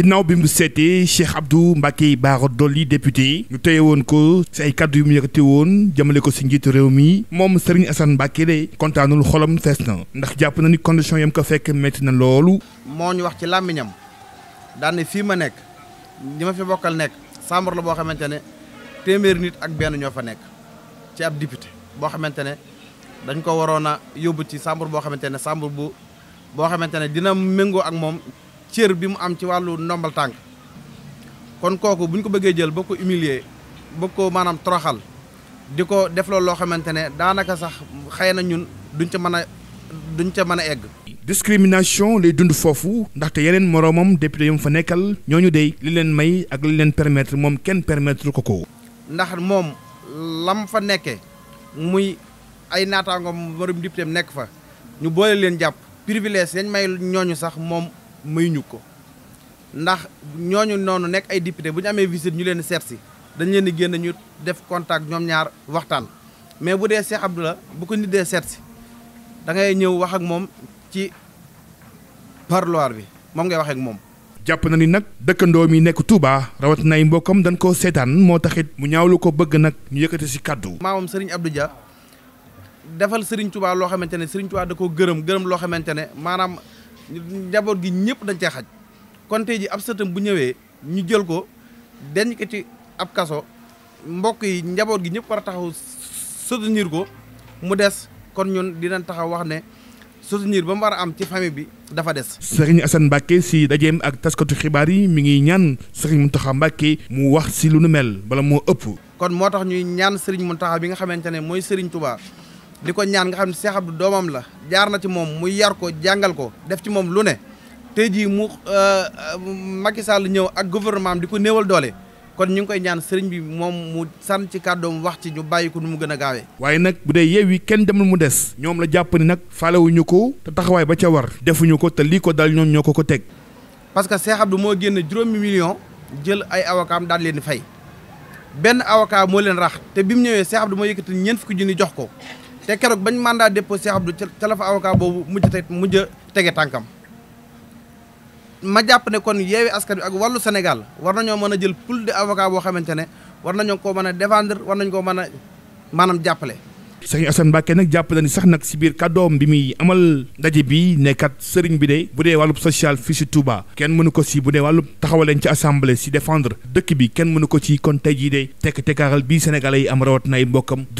ginnaaw bi mu seete seetee Cheikh Abdou Mbacké Bara Dolly député ñu teye woon ko si kàddu yu mu yëkkati woon jëmale ko si njiitu réew mii moom Serigne Assane Mbacké de kontaanul xolam fees na ndax jàpp na ni condition yam ko fekk métti na loolu. moo ñu wax ci làmmiñam daan ne fii ma nekk ñu ma fi bokkal nekk chambre la boo xamante ne téeméeri nit ak benn ñoo fa nekk ci ab député boo xamante ne dañ ko waroon a yóbbu ci chambre boo xamante ne chambre bu boo xamante ne dina ak moom. cër bi mu am ci wàllu ndombal tànk kon kooku bu ñu ko bëggee jël ba ko humilier ba ko maanaam toroxal di ko def loolu loo xamante ne daanaka sax xëy na ñun duñ ca mën a duñ ca mën a egg. discrimination lay dund foofu ndaxte yeneen moroomam député yu mu fa nekkal ñoo ñu dey li leen may ak li leen permettre moom kenn permettre ko ko. ndax moom lam fa nekkee muy ay naataangoom moroom député nekk fa ñu boole leen jàpp privilège yañ may ñooñu sax moom. may ñu ko ndax ñoo ñooñu noonu nekk ay député bu ñu amee visite ñu leen seet si dañ leen di génn ñu def contact ñoom ñaar waxtaan mais bu dee Cheikh Abdou la bu ko nit dee seet si da ngay ñëw wax ak moom ci parloir bi moom ngay waxee ak moom. jàpp na ni nag dëkkandoo mi nekk tuuba rawat nay mbokkam dañ koo seetaan moo taxit mu ñaawlu ko bëgg nag ñu yëkkati si kàddu. maamam Serigne Abdou Dia defal Serigne Touba loo xamante ne Serigne Touba da koo gërëm gërëm loo xamante ne maanaam. njaboot gi ñëpp dañ cee xaj kon tey ji ab sëtam bu ñëwee ñu jël ko denc ko ci ab kaso mbokk yi njaboot gi ñëpp war a taxaw soutenir ko mu des kon ñun dinañ taxaw wax ne soutenir ba mu war a am ci famille bi dafa des. Serigne Assane Mbacke si dajeem ak taskatu xibaar yi mi ngi ñaan Serigne Mountakha Mbacke mu wax si lu nu mel bala moo ëpp. kon moo tax ñuy ñaan Serigne Mountakha bi nga xamante ne mooy Serigne Touba. di ko ñaan nga xam ne Cheikh Abdou doomam la jaar na ci moom mu yar ko jàngal ko def ci moom lu ne tey jii mu euh, euh, Macky Sall ñëw ak gouvernement di ko néewal doole kon ñu ngi koy ñaan sëriñ bi moom mu sànn ci kàddoom wax ci ñu bàyyi ko nu mu gën a gaawee. waaye nag bu dee yeew yi kenn demul mu des. ñoom la jàpp nag faalewuñu ko te taxawaay ba ca war. defuñu ko te lii ko dal ñoom ñoo ko ko teg. parce que Cheikh Abdou moo génn juróomi million jël ay avocat daal leen di fay benn avocat moo leen rax te bi mu ñëwee Cheikh Abdou moo yëkkati ñeent fukki junni jox ko te keroog bañ mandat dépôt Cheikh Abdou ca la fa boobu mujj te mujj a tege tànkam ma jàpp ne kon yeewi askan bi ak wàllu Sénégal war nañoo mën a jël pool de avocat boo xamante ne war nañoo koo mën a défendre war nañ koo mën a maanaam jàppale. sëriñ Assane Mbacke nag jàpp na ni sax nag si biir kàddoom bi muy amal ndaje bi nekkat sëriñ bi de bu dee wàllub social fii si Touba kenn mënu ko si bu dee wàllub taxawaleen ci assemblée si defendre dëkk bi kenn mënu ko ci kon tey jii de tekk tekkaaral bii Sénégalais yi am rawat mbokkam